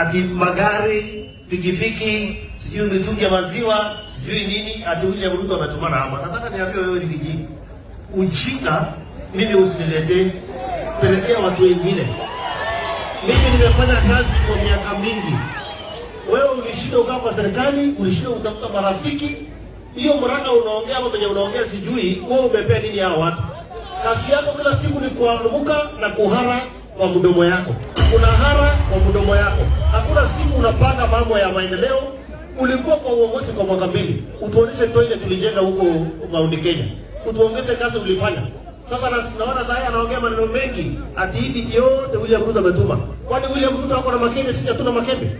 ati magari, pikipiki, sijui mitungi ya maziwa, sijui nini, ati William Ruto ametumana hapa. Nataka niambie wewe ligi ujinga, mimi usiniletee, pelekea watu wengine. Mimi nimefanya kazi kwa miaka mingi, wewe ulishinda ukaa kwa serikali, ulishinda utafuta marafiki. Hiyo mraka unaongea hapo penye unaongea, sijui wewe umepea nini hao watu. Kazi yako kila siku ni kuanguka na kuhara kwa mdomo yako, kuna hara kwa mdomo yako. Hakuna siku unapanga mambo ya maendeleo. Ulikuwa kwa uongozi kwa mwaka mbili, utuonyeshe toilet tulijenga huko Mount Kenya, utuongeze kazi ulifanya. Sasa naona saa hii anaongea maneno mengi ati hivi yote William Ruto ametuma. Kwani William Ruto ako na makende? Sisi hatuna makende.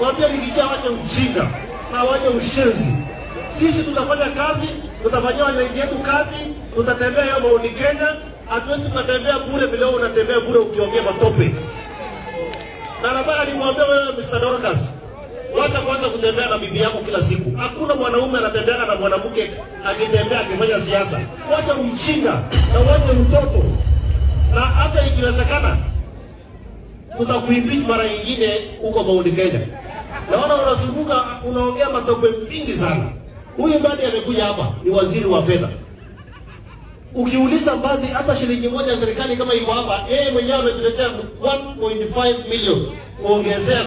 Waambia nikijia waje ujinga na waje ushenzi. Sisi tutafanya kazi, tutafanyia wananchi wetu kazi, tutatembea hapo Mount Kenya Hatuwezi tukatembea bure vile wewe unatembea bure ukiongea matope. Na nataka nimwambie wewe Mr. Dorcas, wacha kwanza kutembea na bibi yako kila siku. Hakuna mwanaume anatembea na mwanamke akitembea akifanya siasa. Wacha ujinga na wacha mtoto Na hata ikiwezekana tutakuimpeach mara nyingine huko Mount Kenya. Naona unazunguka unaongea matope mingi sana. Huyu mbali amekuja hapa ni waziri wa fedha. Ukiuliza baadhi hata shilingi moja ya serikali kama iko hapa, yeye mwenyewe ametuletea 1.5 million kuongezea